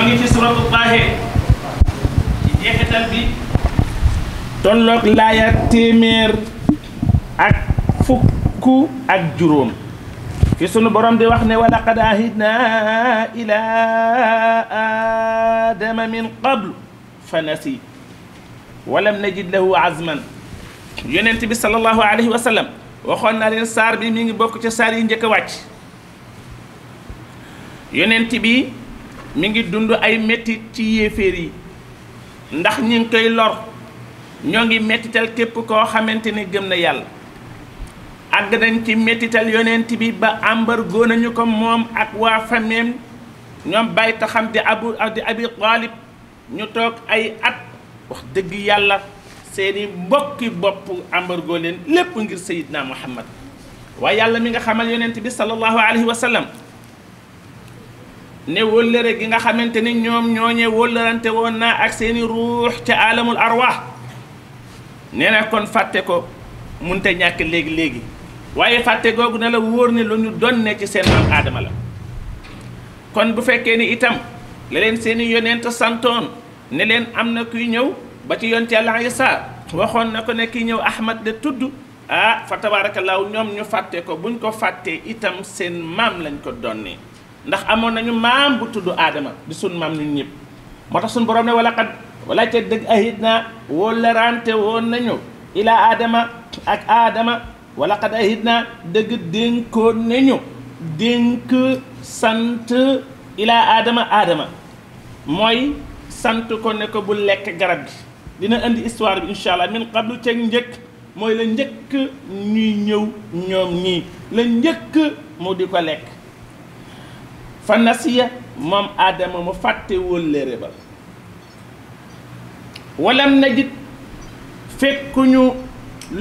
ñoo ngi ci suratu Taaha ci jeexital bi tolloog laaya téeméer ak fukk ak juróom fi sunu borom di wax ne wa laqad ahidna ila adama min qablu fa nasi walam najid lahu azman yonent bi sallallahu alayhi wa sallam waxoon na leen saar bi mi ngi bokk ca saar yi njëkk a wàcc yonent bi mi ngi dund ay mettit ci yéeféer yi ndax ñi ngi koy lor ñoo ngi mettital képp koo xamante ni gëm na yàlla àgg nañ ci mettital yonent bi ba embargo nañu ko moom ak waa fameem ñoom bàyyi taxam di abu di abi taalib ñu toog ay at wax dëgg yàlla seeni mbokki bopp embargo leen lépp ngir sayidna muhammad waaye yàlla mi nga xamal yonent bi sallallahu alayhi wa ne wëllëre gi nga xamante ni ñoom ñooñee wëllërante woon naa ak seeni ruux ca alamul arwaax nee na kon fàtte ko munte ñàkk léegi-léegi waaye fàtte googu na la wóor ne lu ñu donne ci seen maam aadama la kon bu fekkee ni itam la leen seeni yonent santoon ne leen am na kuy ñëw ba ci yonte yàlla Isaa waxoon na ko ne kii ñëw Ahmad de tudd ah fa tabaarakallaahu ñoom ñu fàtte ko buñ ko fàttee itam seen maam lañ ko donnee ndax amoon nañu maam bu tudd aadama di sun maam ñun ñëpp moo tax suñ borom ne wala xat wala ca dëgg ahit naa wala woon nañu ilaa aadama ak aadama wala xat ahit naa dëgg dénkoon nañu dénk sant ilaa aadama aadama mooy sant ko ne ko bu lekk garab gi dina indi histoire bi incha allah min qablu ceeg njëkk mooy la njëkk ñuy ñëw ñoom ñii la njëkk mu di ko lekk fa nasiya moom aadama mu fàtte wóllëre ba na najid fekkuñu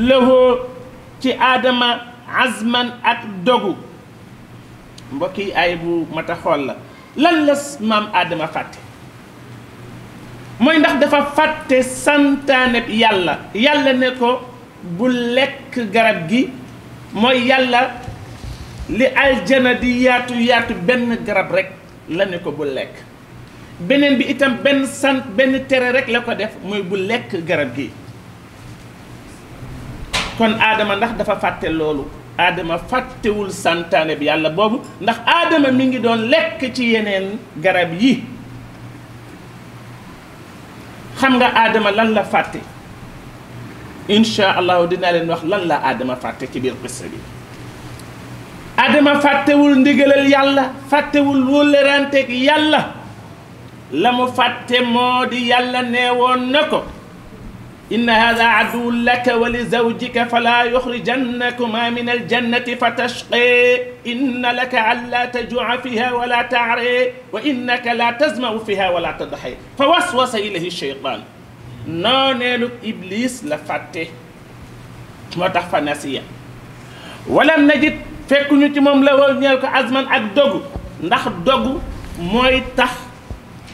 lëhoo ci aadama azman ak dogu mbokki yi ay bu mata la lan la maam aadama fàtte mooy ndax dafa fàtte santaane yàlla yàlla ne ko bu lekk garab gi mooy yàlla li aljana di yaatu yaatu benn garab rek la ne ko bu lekk beneen bi itam benn sant benn tere rek la ko def mooy bu lekk garab gi kon aadama ndax dafa fàtte loolu aadama fàttewul santaane bi yàlla boobu ndax aadama mi ngi doon lekk ci yeneen garab yi xam nga aadama lan la fàtte incha allahu dina leen wax lan la aadama fàtte ci biir qissa bi adama fàttewul ndigalal yàlla fàttewul wóllëranteeg yàlla la mu fàtte moo di yàlla nee woon na ko inna hada aduwun laka wa li zawjika fala yuxrijannakuma min aljannati fatashqee inna laka an laa tajua fiha wala taaree wa innaka laa tasmau fiha wala tadxee fa waswasa ilayhi cheytaan nooneelu iblis la fàtte moo tax fa nasiya walam najid fekkuñu ci moom la wal ñeel ko azman ak dogu ndax dogu mooy tax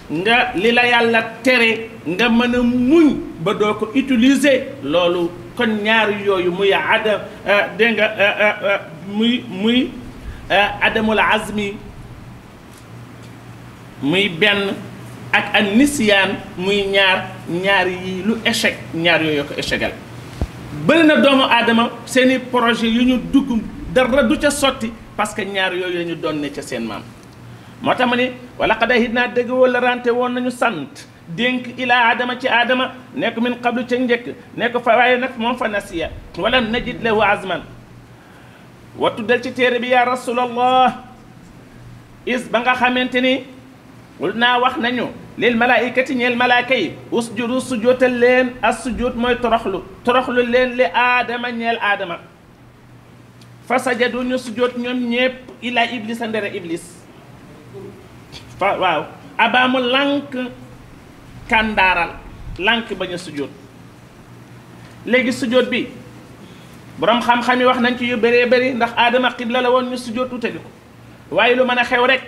nga li la yàlla tere nga mën a muñ ba doo ko utiliser loolu kon ñaar yooyu muy adam eh, dégg nga eh, eh, muy muy adamul azmi muy benn ak an nisyaan muy ñaar ñaar yi lu échec ñaar yooyu ko échecal bëri na doomu aadama seeni projet yu ñu dugg dara du ca sotti parce que ñaar yooyu lañu donné ca seen mam motam ni wala qad hidna naa wala rante won nañu sante dénk ila adama ci adama nek min qablu ci ndek nek fa waye nak mom fa nasiya wala najid lahu azman watu del ci tere bi ya rasulallah is ba nga xamanteni ni wax nañu lil malaikati ñeel malaaka usjudu sujootal len as sujud mooy toroxlu toroxlu len li adama ñeel adama fa sajadu ñu sujjoot ñom ñepp ila iblis andere iblis fa waaw abamu lank kandaral, lank baña a Legi léegi bi borom xam-xam wax nañ ci yu bere bere ndax adama qibla la won ñu sujjoot wutali ko waaye lu mëna xew rek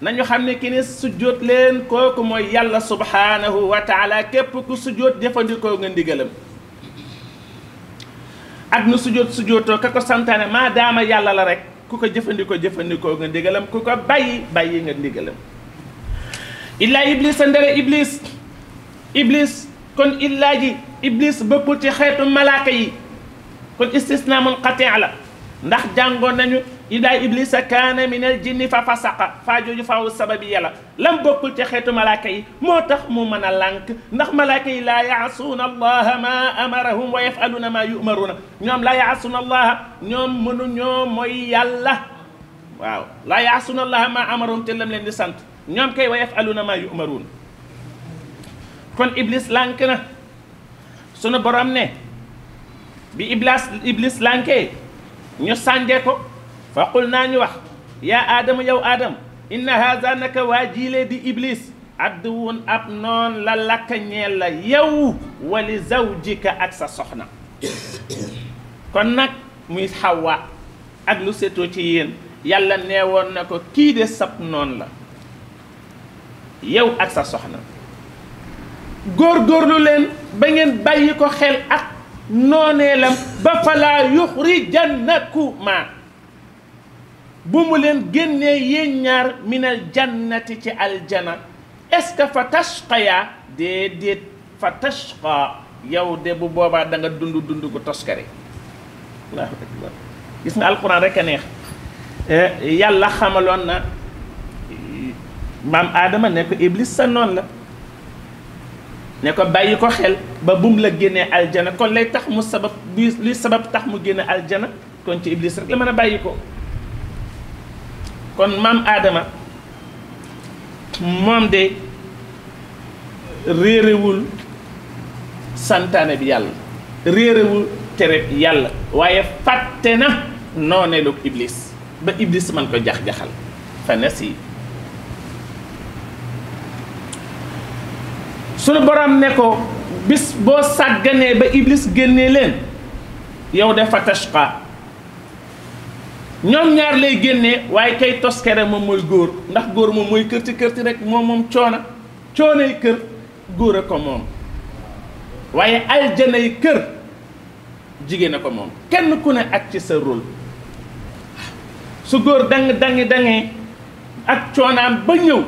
nañu xam ki ne sujjoot leen koku moy yalla subhanahu wa taala kep ku sujjoot defandiko nga ndigalam ak na sujjóot sujjóotoo ka ko santaane maa daama yàlla la rek ku ko jëfandikoo jëfandikoo nga ndigalam ku ko bàyyi bàyyi nga ndigalam illaa iblis a ndere iblis iblis kon illaa ji iblis bëpp ci xeetu malaaka yi kon naa istisnaamun xatin la ndax jàngoon nañu ilaa iblisa kaana minal jinni fa fasaqa faa jooju faawu sababiya la lam bokkul ci xeetu malaaka yi moo mu mën lànk ndax malaaka yi laa yaasuuna ma amarahum wa yafaluuna maa yumaruuna ñoom laa yaasuuna allaha ñoom mënu ñoo mooy yàlla waaw laa yaasuuna allaha ma amarahum te lam leen di sant ñoom kay wa yafaluuna maa yumaruuna kon iblis lànk na sunu borom ne bi iblas iblis lànkee ñu sànjee ko fa qul naa ñu wax yaa aadama yow aadama inna haza naka waa jiilee di iblis adduwun ab noon la lakka ñeel la yow wali zawjika ak sa soxna kon nag muy xawwa ak lu setoo ci yéen yàlla neewoon na ko kii de sab noon la yow ak sa soxna góorgóorlu leen ba ngeen bàyyi ko xel ak nooneelam ba fa laa yuxrijannakumaa bu mu leen génnee ñaar minal jannati ci aljana est-ce que fa tashqaya déedéet fa tashqa yow de bu boobaa da nga dund dund gu toskare allahu akbar gis nga alquran rek a neex yàlla xamaloon na maam aadama ne ko iblis sa noon la ne ko bàyyi xel ba bum la génnee aljana kon lay tax mu sabab luy sabab tax mu génne aljana kon ci iblis rek la mën a kon maam aadama moom de réerewul santaane bi yàlla réerewul tere yàlla waaye fàtte na nooneelu iblis ba iblis man ko jax-jaxal fa nasi suñu borom ne ko bis boo sàgganee ba iblis génnee leen yow de fa tashqa ñoom ñaar lay génne waaye kay tos toskere moom mooy góor ndax góor moom mooy kërti kërti rek moom moom coona coonay kër góor ko moom waaye aljanay kër jigéen ko moom kenn ku ne ak ci sa rôle su góor dang dangi dangee ak coonaan ba ñëw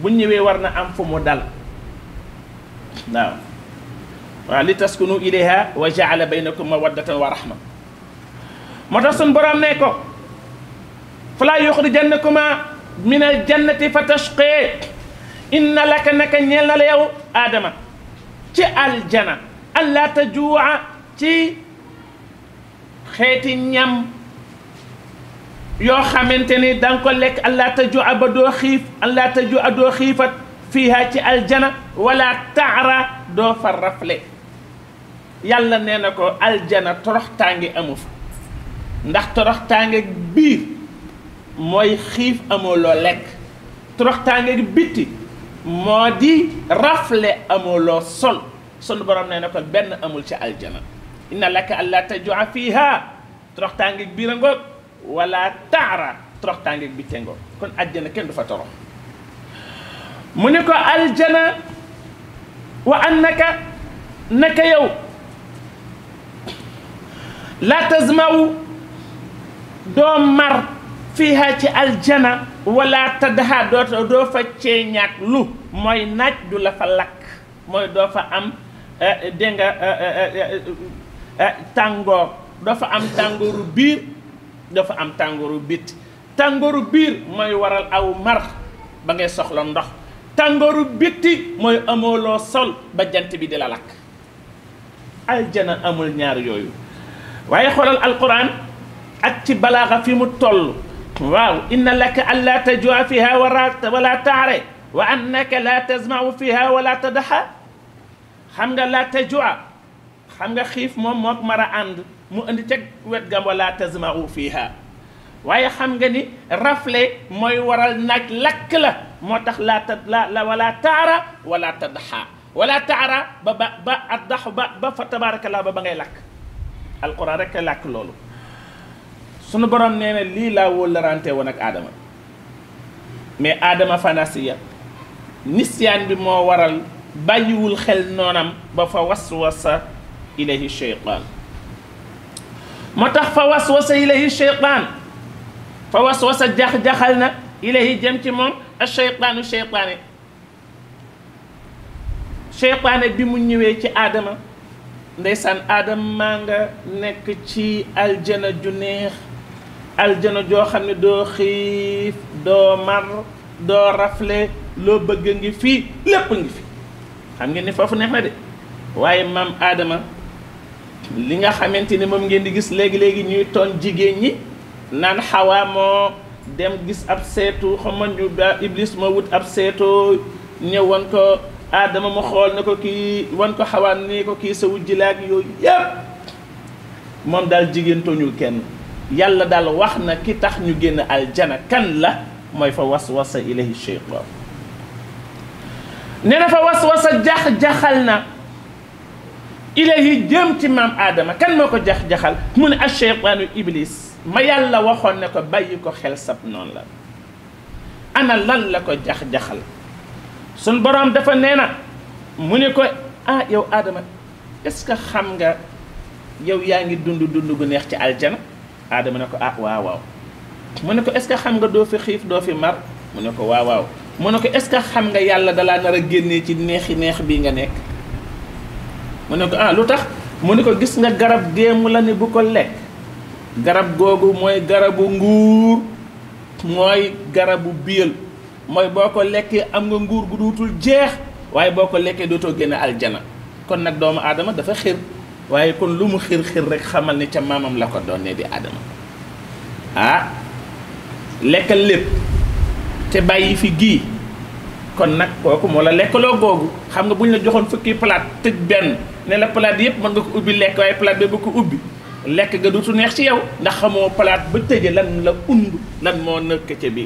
bu ñëwee war na am fu mu dal waaw waaw li taskunu ilayha wa jaala baynakum mawaddatan wa rahma moo tax sun borom ne ko فلا يخرجنكما من الجنة فتشقيك إن لك نك نيل ليو آدم تي الجنة ألا تجوع تي خيت نيم يو خامنتني دانكو لك ألا تجوع بدو خيف ألا تجوع دو خيفت فيها تي الجنة ولا تعرى دو فرفلي يالا نينكو الجنة تروح تانغي أموف ndax torox tangé biir moy xif amolo lek lekk toroxtaange gi bitti modi rafle amolo sol sunu borom nee ko amul ci aljana inna laka alla tajua fiha toroxtaange birango biira ngoog wala tara toroxtaange gi kon aljana ken du fa toro muniko aljana wa annaka naka yow la tazmaw doo mar fiha ci aljana wala tadha do do fa ñak lu moy nacc du la fa lak moy do fa am eh, de nga eh, eh, tango do fa am tangoru bir do fa am tangoru bit tangoru bir moy waral aw mar ba ngay soxla ndox tangoru bitti moy amolo sol ba jant bi dila lak aljana amul ñaar yoyu waye xolal alquran ak ci balagha fi mu tollu waaw inna laka allaa tajua fiha wala taare wa annaka laa tasmau fiha wala tadaxa xam nga laa tajua xam nga xiif moom mook mar a ànd mu indi ca wet gam wala tasmau fiha waaye xam nga ni rafle mooy waral naaj lakk la moo tax laa ta la wala taara wala tadaxa wala taara ba ba ba addax ba ba fa tabaarakallah ba ba ngay lakk alquran rek lakk loolu sunu borom nee na lii laa wóolarante woon ak adama mais adama fanasiya nisyan bi mo waral bayiwul xel nonam ba fa waswasa ilayhi shaytan motax fa waswasa ilayhi shaytan fa waswasa jax jaxalna na ilayhi jëm ci moom a cheytaanu shaytan shaytan bi mu ñewé ci adama ndaysan adam ma nga nek ci aljana ju neex aljana joo xam ne doo xiif doo mar doo rafle loo bëgg a ngi fii lépp ngi fi xam ngeen ni foofu neex na de waaye maam aadama li nga xamante ne moom ngeen di gis léegi léegi ñuy toon jigéen ñi naan xawaa moo dem gis ab seetu xama ñu iblis moo wut ab seetu ñëw wan ko Adama mu xool na ko kii wan ko xawaa ni ko kii sa wujjilaak yooyu yëpp moom daal jigéen toñul kenn yàlla daal wax na ki tax ñu génn aljana kan la mooy fa waswasa ilayhi shaytan nee na fa waswasa jax-jaxal na ilayhi jëm ci maam aadama kan moo ko jax-jaxal mu ne ak shaytaanu iblis ma yàlla waxoon ne ko bàyyi ko xel sab noon la ana lan la ko jax-jaxal sun boroom dafa nee na mu ne ko ah yow aadama est-ce que xam nga yow yaa ngi dund dund gu neex ci aljana aadama ne ko ah waaw waaw mu ne ko est ce que xam nga doo fi xiif doo fi mar mu ne ko waaw waaw mu ne ko est ce que xam nga yàlla dalaa nar a génnee ci neexi neex bii nga nekk mu ne ko ah lu tax mu ne ko gis nga garab démb la ni bu ko lekk garab googu mooy garabu nguur mooy garabu biyal mooy boo ko lekkee am nga nguur gu dootul jeex waaye boo ko lekkee dootoo génn aljana kon nag doomu aadama dafa xir waye kon lumu xir xir rek xamal ni ca mamam la ko donné di adam ah lekkal lépp te bàyyi fi gi kon nak koku mo la lekkaloo googu xam nga buñ la joxone fukki plat tëj ben ne la plat yep man nga ko ubi lek waye plat be bu ko ubi lek ga dutu neex ci yow ndax xamo plat ba tëje lan la und lan mo nëkk ci bi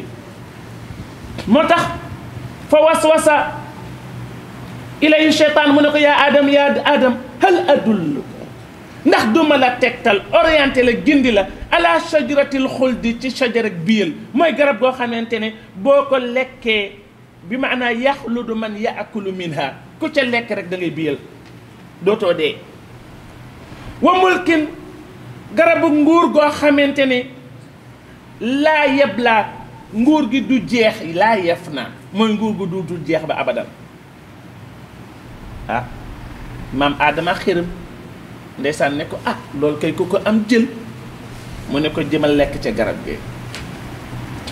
motax fa waswasa ilayhi cheytaan mu ne ko adam ya adam hal adullu ndax duma la tegtal orienté la gindi la ala sajaratil xuldi ci sajarak biyal mooy garab goo xamante ne boo ko lekkee bi maanaa yaxludu man yaakulu minha ku ca lekk rek da ngay biyal dootoo dee wa mulkin garabu nguur goo xamante ne laa yeb laa nguur gi du jeex laa yef naa mooy nguur gu du du jeex ba abadan ah maam aadama xiram ndeysaan ne ko ah loolu kay ku ko am jël mu ne ko jëmal lekk ca garab gi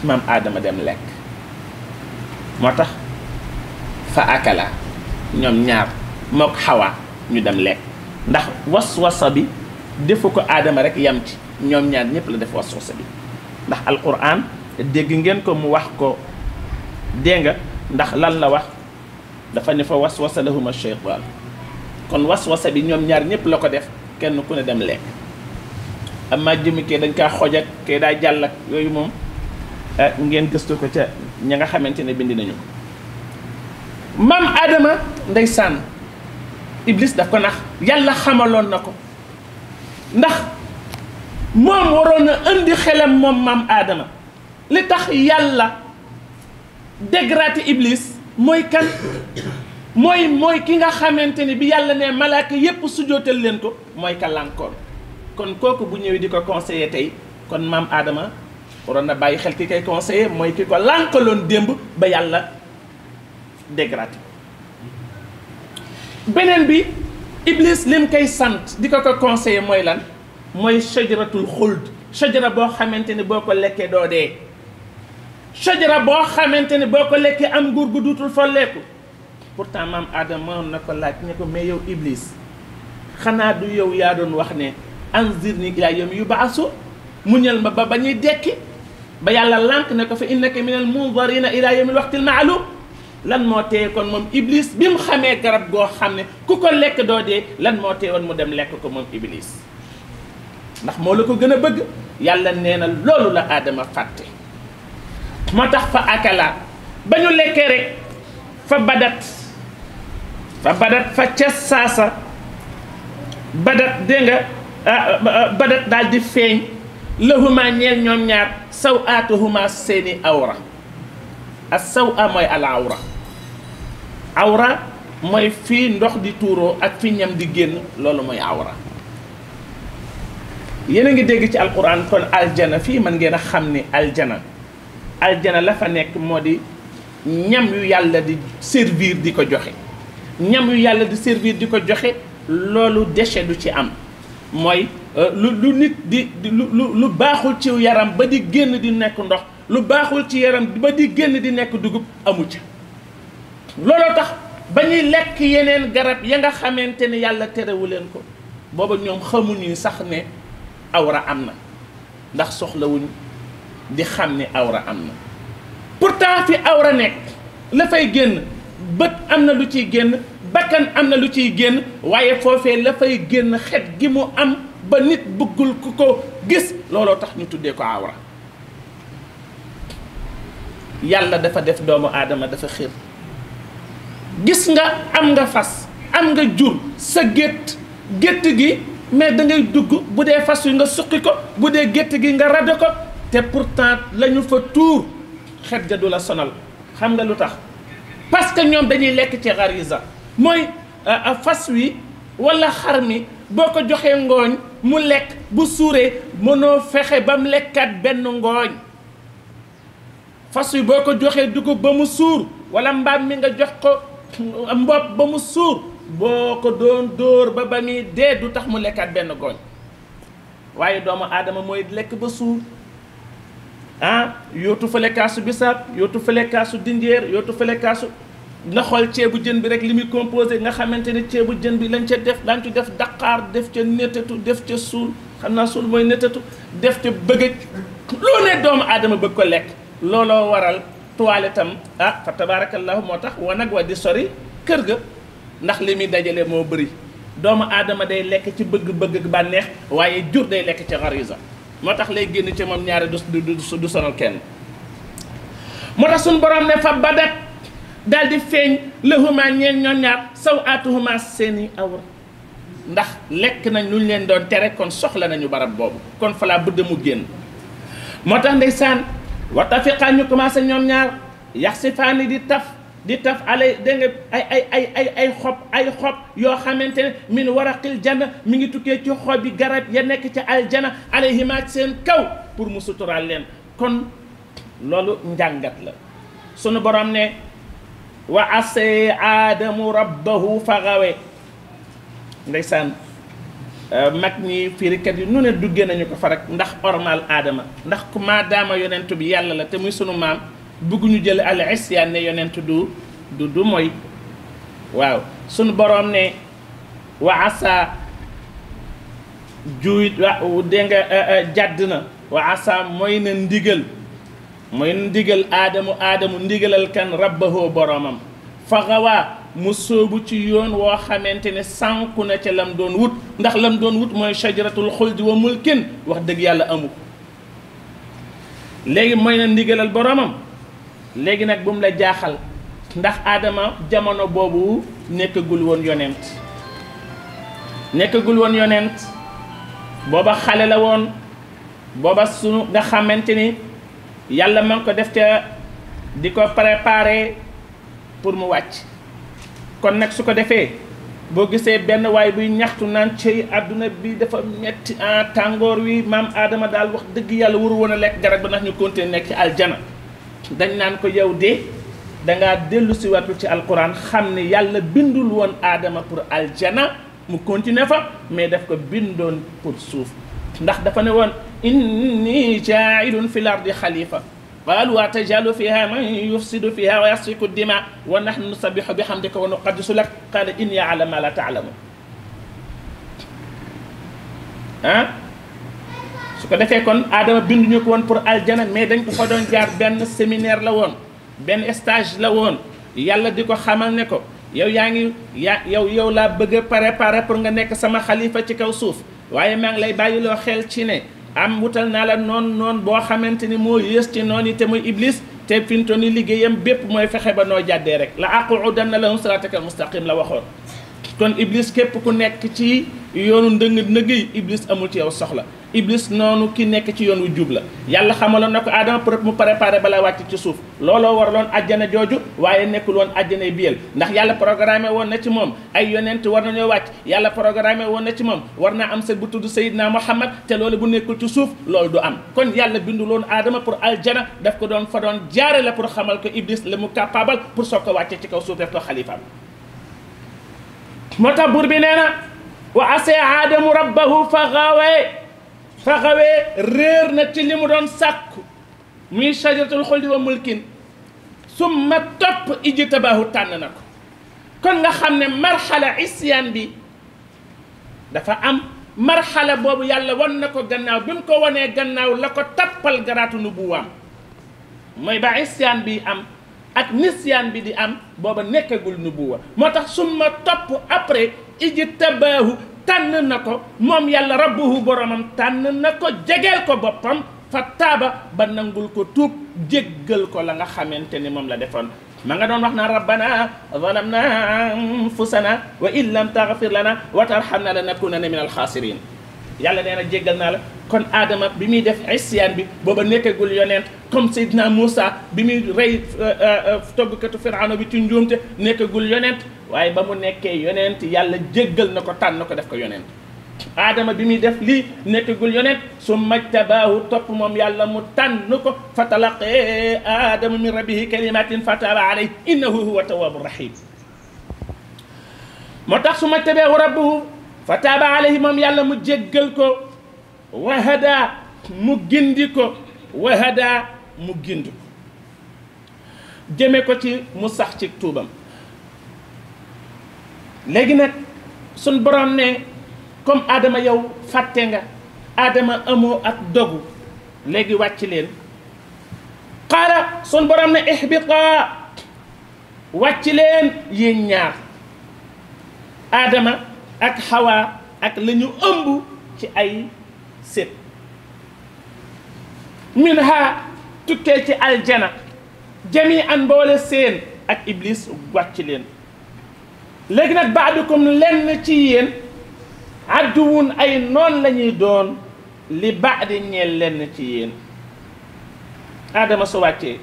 maam aadama dem lekk moo tax fa akala ñoom ñaar mook xawaa ñu dem lekk ndax was wasa bi defu ko aadama rek yam ci ñoom ñaar ñëpp la def waswasa bi ndax alquran dégg ngeen ko mu wax ko dégg nga ndax lan la wax dafa ne fa waswasa lahuma shaytaan kon waswasa bi ñoom ñaar ñëpp la ko def kenn ku ne dem lekk amma jëmi kee dañ kaa xoj ak kee daa jàll ak yooyu moom eh, ngeen gëstu ko ca ña nga xamante ne bindi nañu ko maam Adama ndeysaan Iblis daf ko nax yàlla xamaloon na ko ndax moom waroon na indi xelam moom maam aadama li tax yàlla dégraté Iblis mooy kan mooy mooy ki nga xamante ni bi yàlla ne malaaka yépp sujootal leen ko mooy ka lànkoon kon kooku bu ñëwee di ko conseiller tey kon maam aadama waroon na bàyyi xel ki koy conseiller mooy ki ko lànkaloon démb ba yàlla dégradé beneen bi Iblis lim kay sant di ko ko conseiller mooy lan mooy sajaratul xuld sajara boo xamante ni boo ko lekkee doo dee sajara boo xamante ni boo ko lekkee am nguur gu duutul folleeku pourtant mam adam na nako laaj ne ko mais yow Iblis xana du yow ya doon wax ne anzirni ila yom yub'asu muñal ma ba ba dekk ba yàlla lànk ne ko fa innaka minal munzarina ilaa yawmil waqtil ma'lum lan mo teye kon mom Iblis bim xame garab go xamne ne ku ko lekk doo dee lan mo teye won mu dem lek ko mom Iblis ndax mo la ko gëna bëgg yàlla neena lolu la Adama fàtte motax fa akala bañu lekke rek fa badat fa badat fa ca saasa badat dégg nga ah, ah, badat daal di feeñ lahuma ñeel ñoom ñaar saw aatuhuma seeni awra ak saw a mooy al awra awra mooy fii ndox di tuuroo ak fi ñam di génn loolu mooy awra yéen a ngi dégg ci alquran kon aljana fii man ngeen a xam ni aljana aljana la fa nekk moo di ñam yu yàlla di servir di ko joxe ñam yu yàlla di servir di ko joxe loolu déchet du ci am mooy euh, lu lu nit di lu lu baaxul ci yaram ba di génn di nekk ndox lu baaxul ci yaram ba di génn di nekk dugub amu ca looloo tax ba ñuy lekk yeneen garab ya nga xamante ne yàlla terewu leen ko booba ñoom xamuñu sax ne awra am na ndax soxlawuñ di xam ne awra am na pourtant fi awra nekk la fay génn bët amna na lu ciy génn bakkan am na lu ciy génn waaye foofee la fay génn xet gi mu am ba nit bëggul ku gis looloo tax ñu tuddee ko awra yàlla dafa def doomu aadama dafa xir gis nga am nga fas am nga jur sa gétt gétt gi mais da ngay dugg bu dee fas wi nga suqi ko bu dee gétt gi nga rado ko te pourtant la fa tuur xet ga du la sonal xam nga lu parce que ñoom dañuy lekk ci xarisa mooy euh, euh, fas wi walla xar mi boo ko joxee ngooñ mu lekk bu suuree mënoo fexe ba lekkaat benn ngooñ fas wi boo ko joxee dugub ba mu suur walla mbaam mi nga jox ko mbopp ba mu suur boo ko doon dóor ba ba muy dee du tax mu lekkaat benn ngooñ waaye doomu aadama mooy lekk ba suur ah yootu tufale kaasu bisaab yoo tufale kaasu dinjeer yoo tufale kaasu nga xool ceebu jën bi rek li muy composé nga xamante ne ceebu jën bi lañ ca def lañ ci def daqaar def ca netetu def ca suul xam naa suul mooy netetu def ca bëgg loo ne doomu aadama bëgg ko lekk looloo waral toilette am ah fa tabarakallahu moo tax wa nag wa di sori kër ga ndax li muy dajale moo bëri doomu aadama day lekk ci bëgg-bëgg bànneex waaye jur day lekk ci xarisa moo tax lay génn ca moom ñaari du du sonal kenn moo tax suñu borom ne fa badat daal di feeñ lahuma ñeen ñoom ñaar saw aatuhuma seeni awra ndax lekk nañ lu ñu leen doon tere kon soxla nañu barab boobu kon falaa bëgg mu génn moo tax ndeysaan waxta fiqaa ñu commencé ñoom ñaar yax si faani di taf di taf ale de nga ay ay ay ay ay xop ay xop yo xamantene min waraqil janna mi ngi tukke ci xob yi garab ya nek ci aljana alayhi ma sen kaw pour mu sutural len kon lolu njàngat la sunu borom ne wa asee adam rabbahu faghawe ndaysan mak ñi firikat yi nu ne duggee nañu ko farak ndax ormal adama ndax ku ma dama yonentou bi yàlla la te muy sunu mam bëgguñu jël al isyaan ne yonent du du du mooy waaw sunu boroom ne wa asa juuyit wa dégg nga jàdd na wa asa mooy na ndigal mooy na ndigal aadamu aadamu ndigalal kan rabbahoo boroomam fa xawaa mu ci yoon woo xamante sànku na ca lam doon wut ndax lam doon wut mooy sajaratul xuldi wa mulkin wax dëgg yàlla amu ko léegi mooy ndigalal boroomam léegi nag bu mu la jaaxal ndax aadama jamono boobu nekkagul woon yonent nekkagul woon yonent booba xale la woon booba sunu nga xamante ni yàlla ma ngi ko def ca di ko préparer pour mu wàcc kon nag su ko defee boo gisee benn waay buy ñaxtu naan cëy àdduna bi dafa metti en tàngoor wi maam aadama daal wax dëgg yàlla waru woon lekk garab ba ndax ñu continuer nekk ci aljana dañ nan ko yow de da nga delu ci watul ci alquran xam yàlla bindul won adama pour aljana mu continuer fa mais daf ko bindon pour souf ndax dafa ne won inni ja'ilun fil ardi khalifa قال أتجعل فيها من يفسد فيها ويسفك الدماء ونحن نسبح بحمدك ونقدس لك قال إني أعلم ما لا تعلم ها أه؟ su ko defee kon aadama bind ñu ko woon pour aljana mais dañ ko fa doon jaar benn séminaire la woon benn stage la woon yàlla di ko xamal ne ko yow yaa ngi yaa yow yow laa bëgg a préparé pour nga nekk sama xalifa ci kaw suuf waaye maa ngi lay bàyyiloo xel ci ne am wutal naa la noon noon boo xamante ni moo yées ci noon te muy iblis te finto ni liggéeyam bépp mooy fexe ba noo jàddee rek la aqudanna lahum siraataka mustaqim la waxoon kon iblis képp ku nekk ci yoonu ndëng ndëng yi iblis amul ci yow soxla iblis noonu ki nekk ci yoon wu jub la yàlla xamaloon na ko aadama pour mu préparé balaa wàcc ci suuf looloo waraloon àjjana jooju waaye nekkul woon àjjanay biyel ndax yàlla programmé woon na ci moom ay yonent war nañoo wàcc yàlla programmé woon na ci moom war naa am sët bu tudd Seydina Muhammad te loolu bu nekkul ci suuf loolu du am kon yàlla bindu loon aadama pour aljana daf ko doon fa doon jaare la pour xamal ko iblis la mu capable pour soog ko wàcce ci kaw suuf def ko xalifaam moo tax buur bi nee na wa ase faxawee réer na ci li mu doon sàkku muy sajaratul xuldi wa mulkin summa topp iji tabaahu tànn na ko kon nga xam ne marxala isyaan bi dafa am marxala boobu yàlla wan na ko gannaaw bi mu ko wanee gannaaw la ko tappal garaatu nubuwaam mooy ba isyaan bi am ak nisyaan bi di am booba nekkagul nubuwa moo tax summa topp après iji tabaahu tànn na ko moom yàlla rabbuhu boromam tànn na ko jegel ko boppam fa taaba ba nangul ko tuub jéggal ko la nga xamante ni moom la defoon ma nga doon wax naan rabbana zalamna anfusana wa in lam taghfir lana wa tarhamna lanakunanna min alxaasirin yàlla nee na jéggal naa la kon aadama bi muy def isyaan bi booba nekkagul yonent comme Seydina Moussa bi muy rey toggkatu Firawna bi ci njuumte nekkagul yonent waaye ba mu nekkee yonent yàlla jéggal na ko tànn ko def ko yonent aadama bi muy def lii nekkagul yonent su majtabaahu topp moom yàlla mu tànn ko fa talaqee aadama min rabbihi kalimatin fataaba alayhi innahu huwa tawaabu rahim moo tax su majtabaahu rabbuhu fa taaba alayhi moom yàlla mu jéggal ko wahadaa mu gindi ko wahadaa mu gindi ko jëme ko ci mu sax ci tuubam léegi nag suñ borom ne comme Adama yow fàtte nga aadama amoo ak dogu léegi wàcc leen qaala suñ borom ne ihbiqaa wàcc leen yéen ñaar aadama ak xawaa ak lañu ñu ëmb ci ay sét min ha tukkee ci aljana jami an mboole seen ak iblis wàcc leen léegi nag baadukum lenn ci yéen adduwun ay noon la doon li baadi ñeel lenn ci yéen aadama su wàccee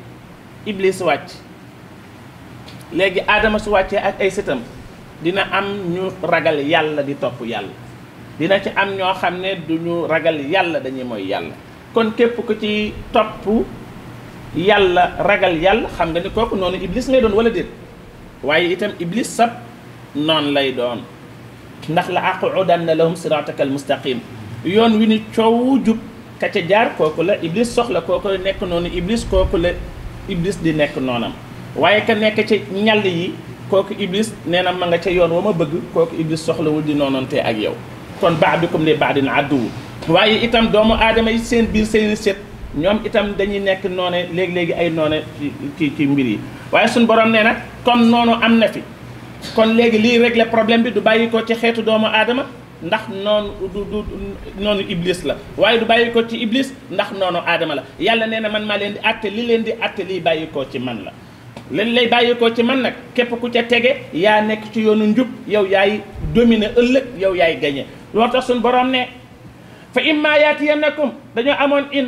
iblis wàcc léegi aadama su wàccee ak ay setam dina am ñu ragal yàlla di topp yàlla dina ci am ñoo xam ne du ñu ragal yàlla dañuy mooy yàlla kon képp ko ci topp yàlla ragal yàlla xam nga ni kooku noonu iblis ngay doon wala déet waaye itam iblis sab noon lay doon ndax la aqudanna lahum siraataka almustaqim yoon wi ni coow jub ka ca jaar kooku la iblis soxla kooku nekk noonu iblis kooku la iblis di nekk noonam waaye ka nekk ci ñàll yi kooku iblis nee na ma nga ca yoon wa ma bëgg kooku iblis soxlawul di noonante ak yow kon ba'dukum li ba'din aduw waaye itam doomu aadama yi seen biir seeni set ñoom itam dañuy nekk noone léegi-léegi ay noone ci ci mbir yi waaye suñu borom nee na comme noonu am na fi kon léegi lii régler problème bi du bàyyi ko ci xeetu doomu aadama ndax noonu du du noonu iblis la waaye du bàyyi ko ci iblis ndax noonu aadama la yàlla nee na man maa leen di atte li leen di atte liy bàyyi ci man la lan lay bàyyi ko ci man nag képp ku ca tege yaa nekk ci yoonu njub yow yaay dominer ëllëg yow yaay gagné loo tax suñ borom ne fa imma yaatiyannakum dañoo amoon in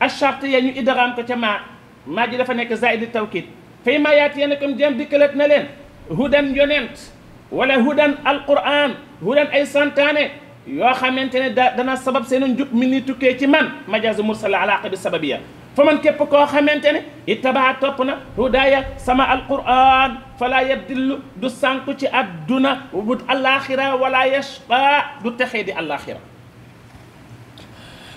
acharte ya ñu idgaam ko ca maa maa ji dafa nekk zaidi tawkid fa imma yaatiyannakum jëm dikkalat na leen hudan yonent wala hudan alquran hudan ay santaane yo xamantene dana sabab seen njub minni tukke ci man majaz mursal ala bi sababiyya fa man képp koo xamante ne ittabaa topp sama alquran fala yabdil du sànku ci aduna wut alakhirah wala yashqa du takhidi alakhirah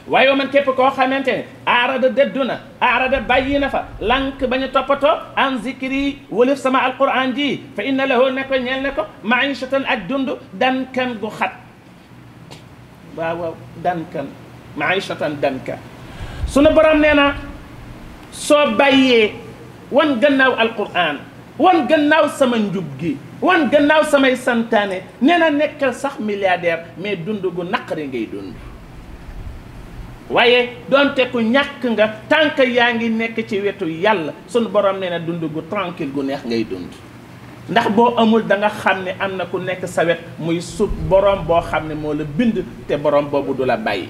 wayo man kep ko xamantene arada deduna arada bayina fa lank baña topato an zikri wala sama alquran ji fa inna lahu nako ko nako maishatan ak dundu dan kan gu khat waaw dankan maishatan danka sunu borom nee na soo bàyyee wan gannaaw alquran wan gannaaw sama njub gi wan gannaaw samay santaane nee na nekkal sax milliardaire mais dund gu naqari ngay dund waaye doonte ku ñàkk nga tànk yaa ngi nekk ci wetu yàlla sunu borom nee na dund gu tranquille gu neex ngay dund ndax bo amul da nga xamne amna ku nek sawet muy sut borom bo xamne mo la bind te borom bobu dula bàyyi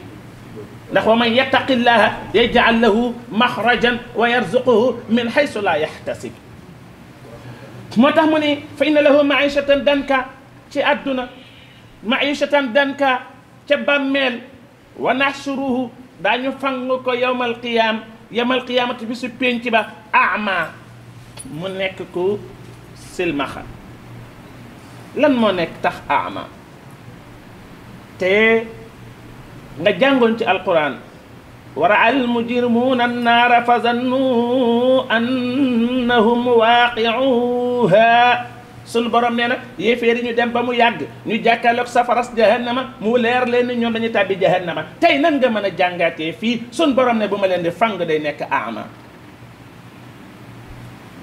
ndax wa yattaqillaha yaj'al lahu makhrajan wa yarzuquhu min haythu la yahtasib motax tax fa inna lahu maishatan danka ci aduna maishatan danka ci bammel wa naxsuruhu dañu fang ko yawmal qiyam yawmal qiyamati bisu su ba ama mu nek ko silmaxa lan moo nekk tax ama te nga jàngoon ci alquran ورأى المجرمون النار فظنوا أنهم واقعوها sun borom neena yéféeri ñu dem ba mu yàgg ñu jàkkaaloog safaras jahannama mu leer leen ni ñoom dañu tàbbi jahannama tey nan nga mën a jàngaatee sun borom ne bu leen di fang day aama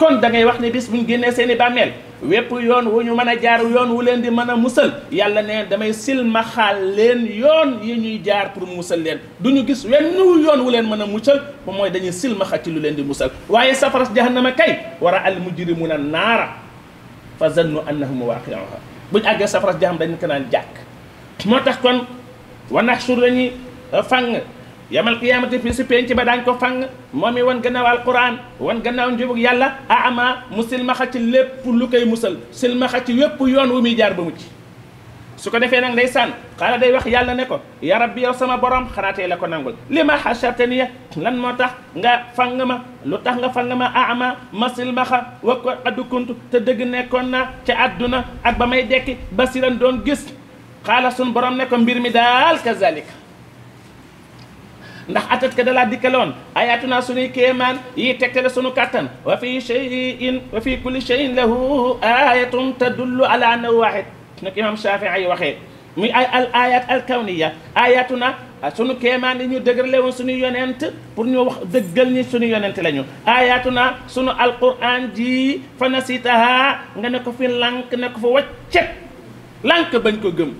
kon da ngay wax ne bis bu ñu génnee seeni i bàmmeel wépp yoon wu ñu mën a jaar yoon wu leen di mën a musal yàlla ne damay silmaxaal leen yoon yi ñuy jaar pour musal leen du ñu gis wenn yoon wu leen mën a musal ba mooy dañuy silmaxa ci lu leen di musal waaye safaras jahannama kay war a al mujrimuna naara fa zannu annahum waaqi'uha bu ñu àggee safaras jahannama dañ ko naan jàkk moo tax kon wa naxshur dañuy fang yamal qiyaamati fi si penc ba daañ ko fang moom i wan gannaaw alquran wan gannaaw njubug yàlla ama mu silmaxa ci lépp lu koy musal silmaxa ci wépp yoon wu muy jaar ba ci su ko defee nag ndeysaan xaala day wax yàlla ne ko ya rabbi sama borom xanaatee la ko nangul li ma xashartani lan moo tax nga fang ma lu tax nga fang ma ama ma silmaxa wa ko qad kuntu te dëgg nekkoon na ca àdduna ak ba may dekki basiran doon gis xaala sun borom ne mi daal kazalika ndax atat ka dala dikalon ayatuna sunuy keman yi tegtale sunu katan wa fi shay'in wa fi kulli shay'in lahu ayatun tadullu ala annahu wahid nak imam shafii waxe muy ay al ayat al kawniya ayatuna sunu keman ni ñu dëgërale won suñu yonent pour ñu wax dëggal ñi suñu yonent lañu ayatuna sunu qur'an ji fanasitaha nga ne ko fi lànk ne ko fa waccet lànk bañ ko gëm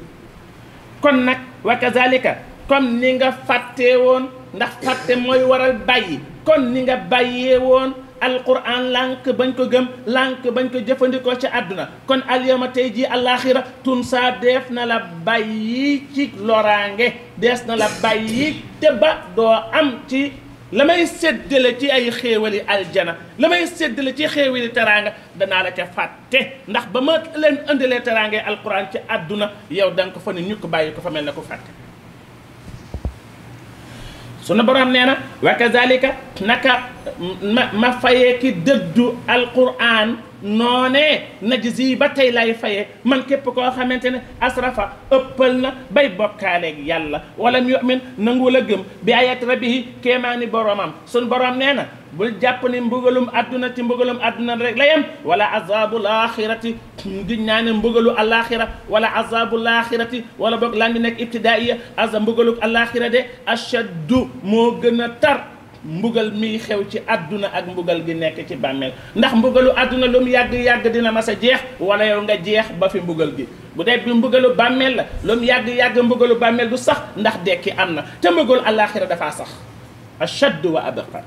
kon nak wa kazalika comme ni nga fàtte woon ndax fàtte mooy waral bàyyi kon ni nga bàyyee woon alquran lànk bañ ko gëm lànk bañ ko jëfandikoo ci àdduna kon alyoma tey jii alaxira tunsa def na la bàyyi ci loraange dees na la bàyyi te ba doo am ci la may séddale ci ay xéewali aljana la may séddale ci xéewali teraanga danaa la ca fàtte ndax ba ma leen ëndalee teraangay alquran ci àdduna yow da nga ko fa ne ñu ko bàyyi ko fa mel ne ko fàtte sunu borom nee na wa kazalika naka ma ma fayee ki dëddu alquran noonee najzi ba tey lay fayee man képp koo xamante ne asrafa ëppal na bay bokkaaleeg yàlla wala mu yumin nangu la gëm bi ayat rabbihi kéemaani boromam sunu borom nee na bul jàpp ni mbugalum aduna ci mbugalum aduna rek la yam wala azabul axirati di ñaanal ne mbugalu alaxira wala azabul axirati wala bok la ngi nek ibtidaiya az mbugaluk alaxira de ashaddu mo gëna tar mbugal mi xew ci aduna ak mbugal gi nek ci bammel ndax mbugalu aduna lum yag yag dina ma sa jeex wala yow nga jeex ba fi mbugal gi bu de bi mbugalu bammel lum yag yag mbugalu bammel du sax ndax dekki amna na te mbugalu alaxira dafa sax ashaddu wa abqa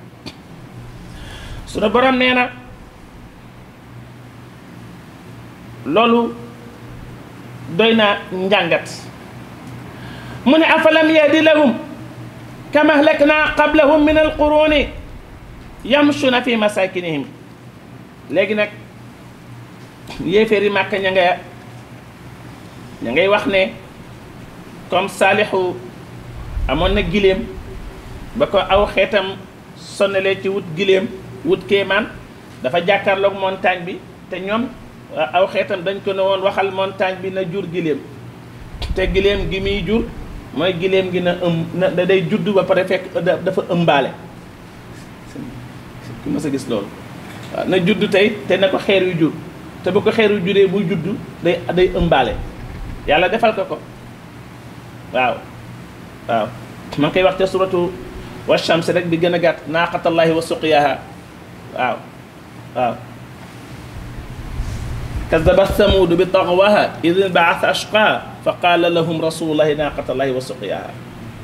sunu borom nee na loolu doy na njàngat mu ne afalam yahdi lahum kama ahlakna qablahum min alquruni yamshuna fi masakinihim léegi nag yéeféeri màkka ña nga ña ngay wax ne comme saalixu amoon na giléem ba ko aw xeetam sonnalee ci wut giléem wut kéemaan dafa jàkkaarloog montagne bi te ñoom uh, aw xeetam dañ ko ne woon waxal montagne bi na jur giléem te giléem gi muy jur mooy giléem gi na ëm ba pare fekk dafa ëmbaale ku ma sa gis loolu na judd tey te na xeer yu te bu ko xeer juree buy judd day ëmbaale yàlla defal ko ko waaw waaw man koy wax te suratu wa shamsi rek bi gën a gàtt naaqatallaahi wa suqyaaha waaw waaw كذبت ثمود بطغواها إذ انبعث أشقاها فقال لهم رسول الله ناقة الله وسقياها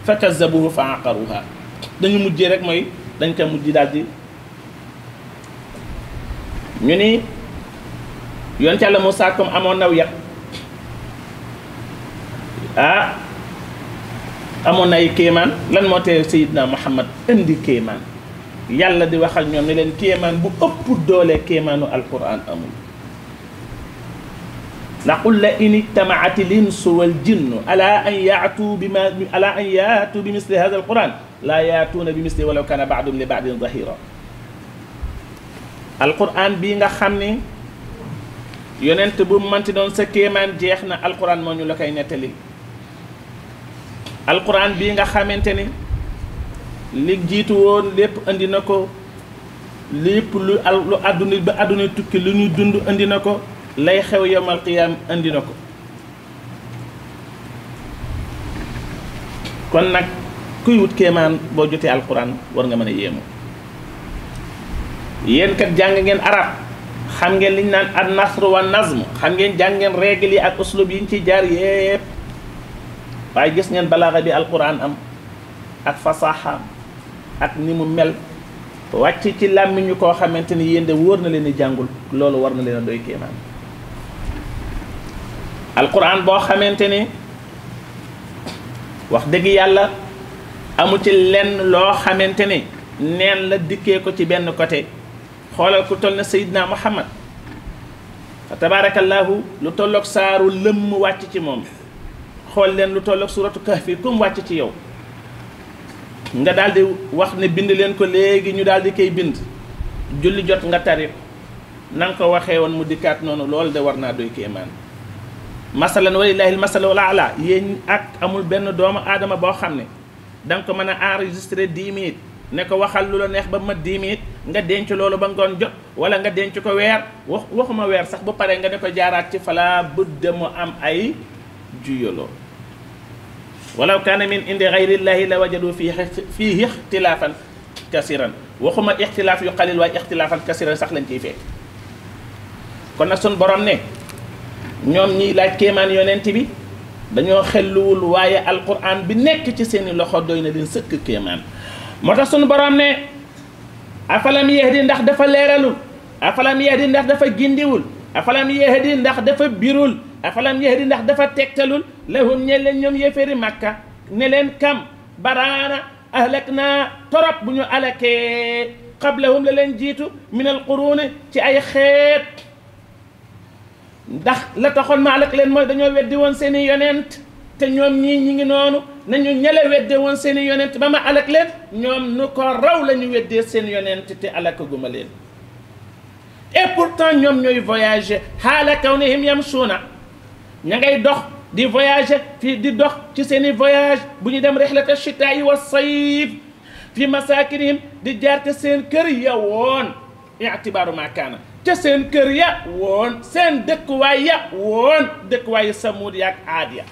فكذبوه فعقروها dañu mujjee rek mooy dañ ko mujj daal di ñu ni yonent Yàlla Moussa comme amoon naw yat ah amoon na ay kéemaan lan moo tee Seydina Mouhamad indi kéemaan yàlla di wax ak ñoom ne leen kéemaan bu ëpp doole kéemaanu alquran amul ndax qul la in ijtamaati linsu wal jinnu ala an yaatu bima ala an yaatu bi misli hada alquran laa yaatuuna bi misli walaw kaana baadum li baadin zahira alquran bii nga xam ni yonent bu manti doon sa kéemaan jeex na alquran moo ñu la koy nettali alquran bii nga xamante ni li jiitu woon lépp indi na ko lépp lu al àdduna ba àdduna tukki lu ñu dund indi na ko lay xew yomal qiyaam indi na ko kon nag kuy wut kéemaan boo jotee alquran war nga mën a yéemu yéen kat jàng ngeen arab xam ngeen liñ naan an nasr wa nazm xam ngeen jàng ngeen règle yi ak uslub yi ñu ciy jaar yépp waaye gis ngeen balaaxa bi alquran am ak fasaxaam ak ni mu mel wàcc ci làmmiñu koo xamante ni yéen de wóor na leen ni jàngul loolu war na leen a doy kéemaan alquran boo xamante ni wax dëgg yàlla amu ci lenn loo xamante ni neen la dikkee ko ci benn côté xoolal ku toll na Seydina Muhammad fa tabaarakallaahu lu tolloog saaru lëmm wàcc ci moom xool leen lu tolloog suratu kahfi kum wàcc ci yow nga daal di wax ne bind leen ko léegi ñu daal di koy bind julli jot nga tarit nanga ko waxee woon mu dikkaat noonu loolu de war naa doy kéemaan masalan walillaahi masala wala ala yéen ak amul benn doomu aadama boo xam ne danga ko mën a enregistré 10 minutes ne ko waxal lu la neex ba ma 10 minutes nga denc loolu ba ngoon jot wala nga denc ko weer wax waxuma weer sax bu paree nga ne ko jaaraat ci fala budde mu am ay juyaloo ولو كان من عند غير الله لوجدوا فيه فيه اختلافا كثيرا وخما اختلاف يقلل واختلافا كثيرا صح لنجي فيه كون نك سون بروم ني نيوم ني لاج كيمان يوننتي بي دانيو خلول واي القران بي نيك سي سين لوخو دوينا دين سك كيمان موتا سون بروم ني افلام يهدي ندخ دافا ليرالو افلام يهدي ندخ دافا غينديول افلام يهدي ندخ دافا بيرول افلام يهدي ندخ دافا تكتلول lahum ñel leen ñoom yéeféeri makka ne leen kam baraana ahlak naa torop bu ñu alakee qablahum la leen jiitu min al quruuni ci ay xeet ndax la taxoon ma alak leen mooy dañoo weddi woon seen i yonent te ñoom ñii ñi ngi noonu nañu ñele wedde woon seen i yonent ba ma alak leen ñoom nu ko raw la ñu weddee seen yonent te alakaguma leen et pourtant ñoom ñooy voyager xaala kawnihim yamsuuna ña ngay dox di voyager fi di dox ci seen i voyage bu ñu dem rixlata chitaa yi wa sayif fi masakinihim di jaar ca seen kër ya woon itibaaru maakaana ca seen kër ya woon seen dëkkuwaay ya woon dëkkuwaayu samuud yaak aad ya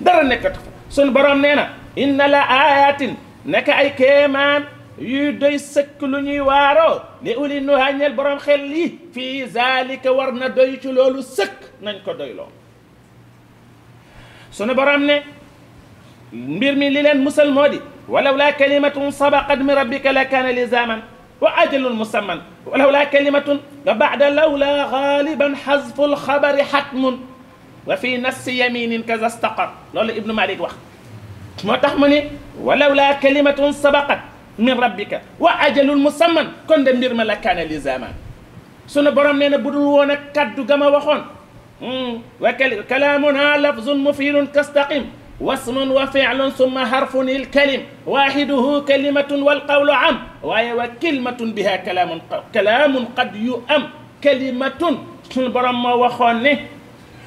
dara nekkatu fa sun borom nee na inna la ayatin naka ay kéemaan yuy doy sëkk lu ñuy waaroo li uli nuha ñeel borom xel yi fii zalika war na doy ci loolu sëkk nañ ko doyloo sunu borom ne mbir mi li leen musal moo di walaw laa kalimatun sabaqat min rabbika la kaana lizaman wa ajalun musamman walaw laa kalimatun nga baada lawla galiban xasfu lxabari xatmun wa fi nafsi yaminin kaza staqar loolu ibnu malik wax moo tax mu ni walaw laa kalimatun sabaqat min rabbika wa ajalun musamman kon de mbir ma la kaana lizaman sunu borom nee na budul woon ak kaddu gama waxoon وكلامنا لفظ مفيد كاستقم واسم وفعل ثم حرف الكلم واحده كلمة والقول عم وكلمة بها كلام كلام قد يؤم كلمة برم وخونه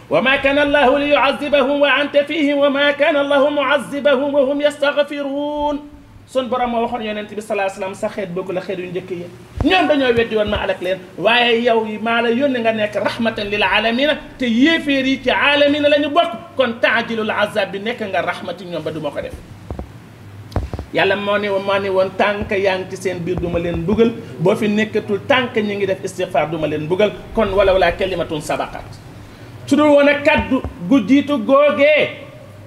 وما كان الله ليعذبهم وأنت فيهم وما كان الله معذبهم وهم يستغفرون sun borom mo waxon yonent bi sallallahu alayhi wasallam sa xet bokku la xeet yu njëkk yi ñoom nga nekk rahmatan lil alamina te yéeféer ci alamina la ñu kon taajilul azab bi nekk nga rahmati ñoom ba du ko def yàlla moo ne moo ne woon tànk yaa ci seen biir du ma leen bugal fi nekkatul tànk ñi ngi def istighfar du ma leen kon wala wala kalimatun sabaqat su dul kaddu gu jiitu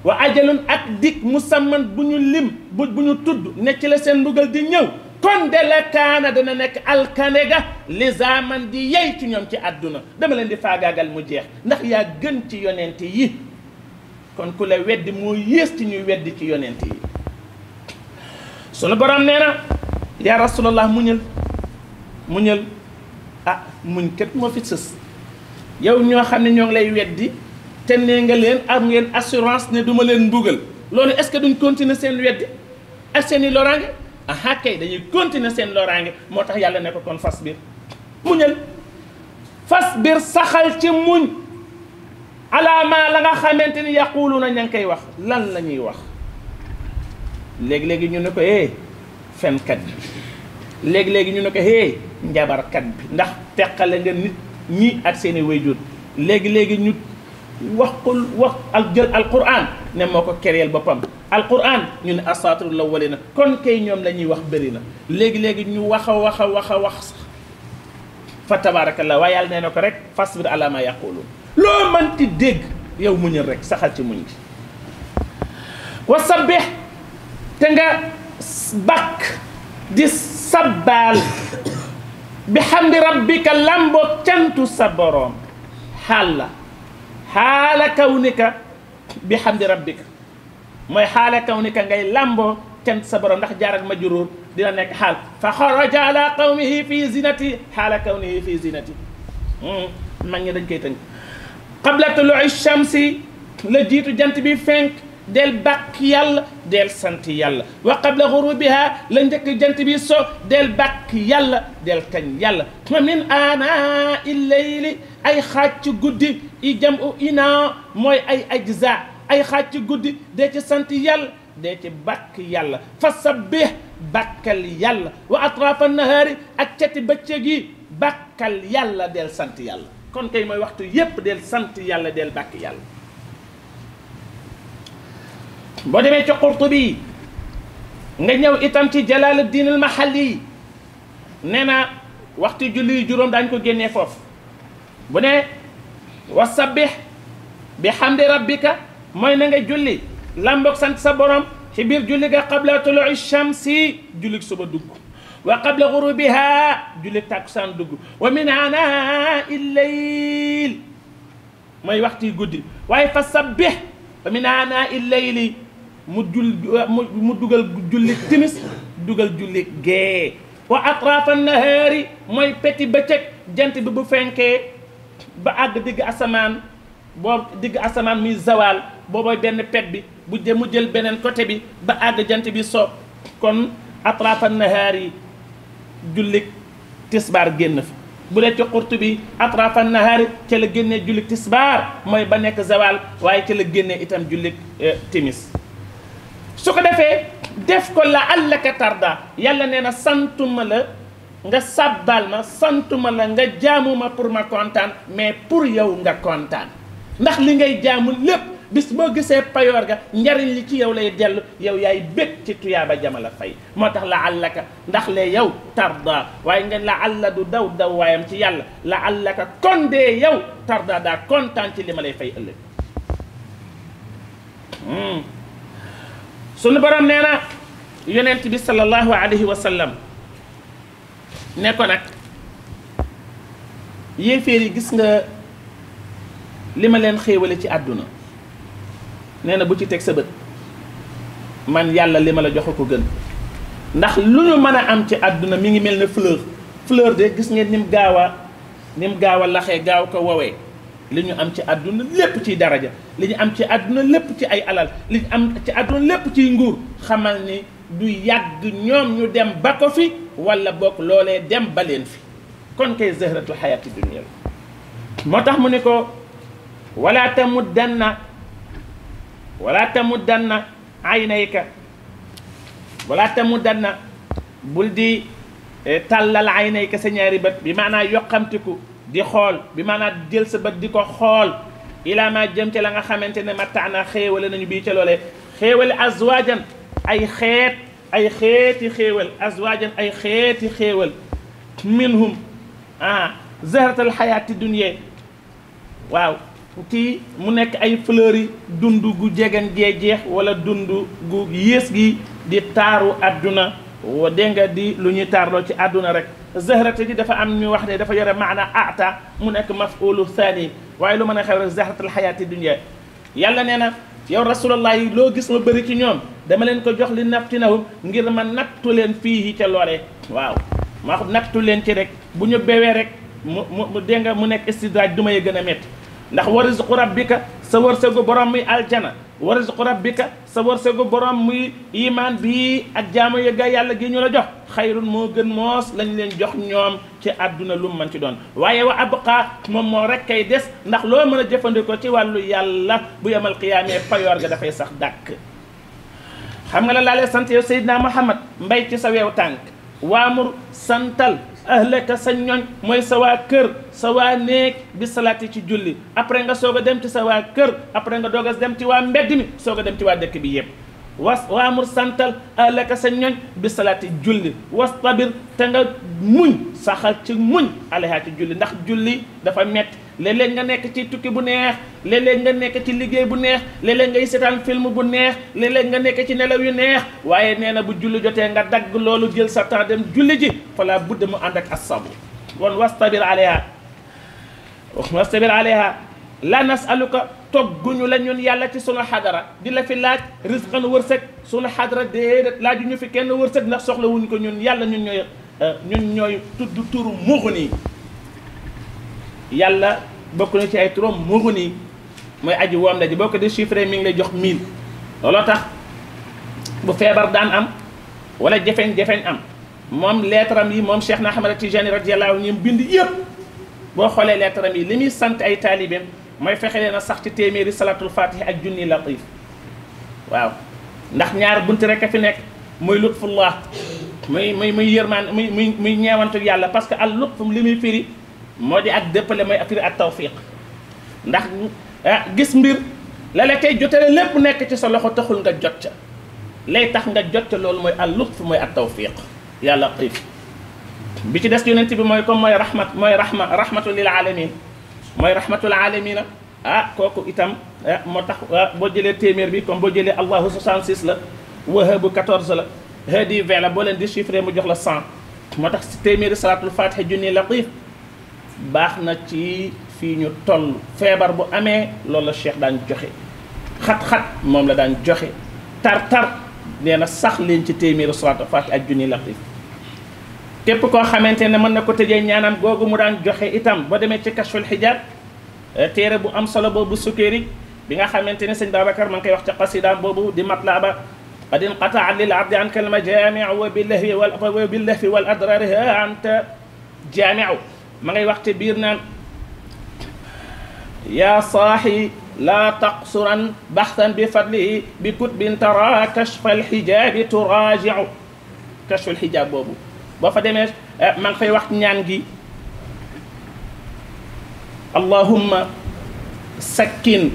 waa ajalun ak dikk musamman bu ñu lim bu bu ñu tudd ne ci la seen mbugal di ñëw kon de la kaana dana nekk alkane ga lisaaman di yey ci ñoom ci àdduna dama leen di faagaagal mu jeex ndax yaa gën ci yonent yi kon ku la weddi moo yées ci ñuy weddi ci yonent yi sunu borom nee na yaa rasulallah muñal muñal ah muñ kat moo fi sës yow ñoo xam ne ñoo ngi lay weddi te nee nga leen am ngeen assurance ne duma leen mbugal loolu est-ce que duñ continuer seen weddi ak seeni i loraange aha kay dañuy continuer seen loraange moo tax yàlla ne ko kon fas biir muñal fas biir saxal ci muñ alaama la nga xamante ni yaquluuna ña ngi koy wax lan la ñuy wax léegi-léegi ñu ne ko eh fenkat bi léegi-léegi ñu ne ko eh njabarkat bi ndax teqale nga nit ñi ak seen i wayjur léegi-léegi ñu wax ko wax ak jël alquran ne moo ko kereel boppam alquran ñu ne asaatul la wali na kon kay ñoom la ñuy wax bëri na léegi léegi ñu wax a wax a wax a wax sax fa tabarakallah waaye yàlla nee na ko rek fasbir ala ma yaqulun loo mënti dégg yow muñal rek saxal ci muñ gi wa sabbih te nga bakk di sabbaal bi xam di rabbika lamboo cantu sa boroom xàlla xaala kawnika bi xam di rabbika mooy xaala kawnika ngay làmboo cant sa borom ndax jaar ak ma juróor dina nekk xaal fa xaraja ala qawmihi fi zinati xaala kawnihi fi zinati mag ñi dañ koy tënk qabla tuluu shamsi la jiitu jant bi fenk del bàkk yàlla del sant yàlla wa qabla xurubiha la njëkk jant bi so del bàkk yàlla del kañ yàlla wa min ana illayli ay xaaj ci guddi i jam u ina mooy ay ajza ay xaaj ci guddi dee ci sant yàlla dee ci bàkk yàlla fa sabbih bàkkal yàlla wa atrafa nahaari ak cati bëccëg yi bàkkal yàlla del sant yàlla kon kay mooy waxtu yépp del sant yàlla del bàkk yàlla boo demee ci Qurtubi nga ñëw itam ci Jalaaluddin al Mahalli nee na waxtu julli juróom daañ ko génnee foofu bu ne wasabbih bi hamdi rabbika mooy na nga julli làmboog sant sa borom ci biir julli ga qabla tuluu shamsi jullig suba dugg wa qabla gurubiha jullig tàkkusaan dugg wa min ana illayl mooy waxtu yi guddi waaye fa sabbih wa min ana illayli mu jul mu dugal julli timis dugal julli gee wa atrafa nahaari mooy peti bëccëg jant bi bu fenkee ba àgg digg asamaan boo digg asamaan muy zawaal boobooy benn pet bi bu jë mu jël beneen côté bi ba àgg jant bi so kon atrafa nahaar jullik tisbaar génn fi bu dee ci xurtu bi atrafa nahaari ca la génnee jullik tisbaar mooy ba nekk zawal waaye ca la génnee itam jullik eh, timis su ko defee def ko la allaka tarda yàlla neena na santuma la nga sàbbaal ma santuma la nga jaamuma pour ma kontaan mais pour yow nga kontaan ndax li ngay jaamu lépp bis boo gisee payoor ga njariñ li ci yow lay dellu yow yaay bég ci tuyaaba jamala fay moo tax la àllaka ndax le yow tarda waaye ngeen la àlla du daw daw waayam ci yàlla la àllaka kon dee yow tarda daa kontaan ci li ma lay fay ëllëg hmm. sunu borom nee na yonent bi sallallahu alayhi wa sallam ne ko nag yéeféer yi gis nga li ma leen xéewale ci àdduna nee na bu ci teg sa bët man yàlla li ma la joxe ko gën ndax lu ñu mën a am ci àdduna mi ngi mel ne fleur fleur de gis ngeen ni mu gaaw a ni mu gaaw a laxee gaaw ko woowee li ñu am ci àdduna lépp ci daraja li ñu am ci àdduna lépp ci ay alal li ñu am ci àdduna lépp ci nguur xamal ni du yàgg ñoom ñu dem ba ko fi wala bokk loolee dem ba leen fi kon kay zahratu xayaati dunia la moo tax mu ne ko wala tamuddanna wala tamuddanna aynayka wala tamuddanna bul di tàllal aynayka sa ñaari bët bi maanaa yoqamtiku di xool bi maanaa jël sa bët di ko xool ilaa ma jëm ca la nga xamante ne mattaana xéewale nañu bii ca loolee xéewale azwaajan ay xeet ay xeeti xéewal azwaajan ay xeeti xéewal minhum ah zahratal xayaati dunya waaw kii mu nekk ay fleur yi dund gu jegan gee jeex wala dund gu yées gi di taaru àdduna wa dégg nga di lu ñuy taarloo ci àdduna rek zahrata ji dafa am ñu wax ne dafa yore maana aata mu nekk mafulu thani waaye lu mën a xew rek zahratal xayaati dunya yàlla nee na yow rasulallah yi loo gis ma bëri ci ñoom dama leen ko jox li naftinahum ngir ma nattu leen fii ca loolee waaw ma nattu leen ci rek bu ñu bewee rek mu mu mu nga mu nekk istidraaj du may gën a métti ndax wa bi rabbika sa wërsëgu borom muy aljana wa bi rabbika sa wërsëgu borom muy imaan bi ak jaamu yëgga yàlla gi ñu la jox xayrun moo gën moos lañ leen jox ñoom ci àdduna lu mu mën ci doon waaye wa abqa moom moo rek kay des ndax loo mën a jëfandikoo ci wàllu yàlla bu yemal qiyaamee payoor dafay sax dàkk xam nga la laa leen sant yow Seydina Muhammad mbay ci sa weew tànk waamur santal ahlaka sa ñooñ mooy sa waa kër sa waa néeg bi salaati ci julli après nga soog a dem ci sa waa kër après nga doog a dem ci waa mbedd mi soog a dem ci waa dëkk bi yëpp was waamur santal ahlaka sa ñooñ bi salaati julli was tabir te nga muñ saxal ci muñ alayha ci julli ndax julli dafa metti léeg-léeg nga nekk ci tukki bu neex léeg-léeg nga nekk ci liggéey bu neex léeg-léeg ngay seetaan film bu neex léeg-léeg nga nekk ci nelaw yu neex waaye nee na bu julli jotee nga dagg loolu jël sa temps dem julli ji fala budda mu ànd ak assabu wan wastabir aleyha wastabir aleyha la nasaluka togguñu la ñun yàlla ci sunu xadara di la fi laaj risqan wërsëg sunu xadara déedéet ñu fi kenn wërsëg ndax soxla wuñ ko ñun yàlla ñun ñooy euh, ñun ñooy tudd turu muxni yàlla bokk na ci ay turam muxuni mooy aji woom la ji boo ko di chiffré mi ngi lay jox mille looloo tax bu feebar daan am wala jafeñ-jafeñ am moom leetaram yi moom Cheikh na Ahmad Tijani radiyallahu ñoom bind yëpp boo xoolee leetaram yi li muy sant ay taalibeem mooy fexe leen a sax ci téeméeri salatul fatih ak junni latif waaw ndax ñaar bunti rek a fi nekk muy lutfullah muy muy muy yërmaan muy muy muy yàlla parce que al lutf li firi modi ak dëppale may firi at tawfiq ndax gis mbir la la tay jotale lépp nek ci sa loxo taxul nga jot ca lay tax nga jot ca lol moy al lutf moy at tawfiq yàlla xiif bi ci dess yonent bi moy comme moy rahmat moy rahma rahmatul lil alamin moy rahmatul alamin ah koku itam moo tax boo jëlee téeméer bi comme bo jele allah 66 la wahab 14 la hadi vela bo len di chiffré mu jox la 100 motax temer salatul fatiha junni laqif baxna ci fii ñu toll febar bu amé loolu la cheikh daan joxe xat-xat mom la daan joxe tar-tar néna sax leen ci témir salaatu faati ak junni latif kep ko xamantene man nako tejé ñaanam gogu mu daan joxe itam bo démé ci kashful hijab téré bu am solo bobu sukéri bi nga xamantene seigne babakar man ma koy wax ci qasida bobu di matlaba قد انقطع للعبد عنك المجامع وبالله وبالله والأضرار أنت جامع ma ngay waxte biir naan yaa saaxi laa taqsuran baxtan bi fadlihi bi kutbin tara kashfa alxijaabi turaajiu kashfa alxijaab boobu boo fa demee eh, ma nga fay wax ñaan gi allahumma sakkin